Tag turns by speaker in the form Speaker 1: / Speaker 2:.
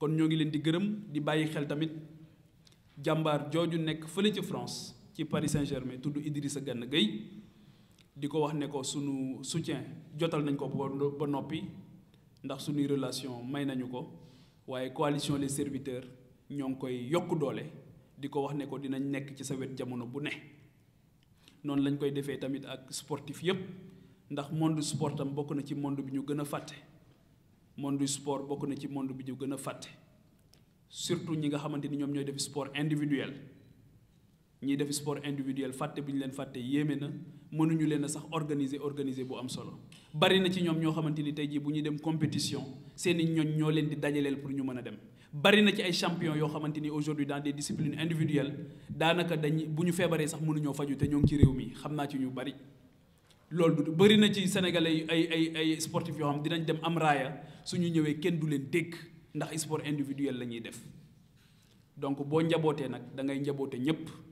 Speaker 1: kon ñoo ngi leen di gërëm di bàyyi xel tamit jàmbaar jooju nekk fële ci France ci Paris Saint-Germain tudd Idrissa Gana géy di ko wax ne ko sunu soutien jotal nañ ko ba noppi ndax suñuy relation may nañu ko waaye coalition les serviteurs ñoo ngi koy yokk doole di ko wax ne ko dinañ nekk ci sa wet jamono bu ne noonu lañ koy defee tamit ak sportif yépp ndax monde sport am bokk na ci monde bi ñu gën a fàtte monde sport bokk na ci monde bi ñu gën a fàtte surtout ñi nga xamante ni ñoom ñooy def sport individuel ñiy def sport individuel fàtte bu ñu leen fàtte yéeme na mënuñu leen sax organiser organiser bu am solo bari na ci ñoom ñoo xamante ni tey jii bu ñu dem compétition seeni ñoñ ñoo leen di dajaleel pour ñu mën a dem bari ci ay champion yoo xamante ni aujourd'hui dans des disciplines individuelles daanaka dañ bu ñu feebaree sax mënuñoo faju te ñoo ngi ci réew mi xam naa ci ñu bari loolu du bëri na ci sénégalais ay ay ay sportif yoo xam dinañ dem am raaya suñu ñëwee kenn du leen dégg ndax sport individuel la ñuy def donc boo njabootee nag da ngay njaboote
Speaker 2: ñëpp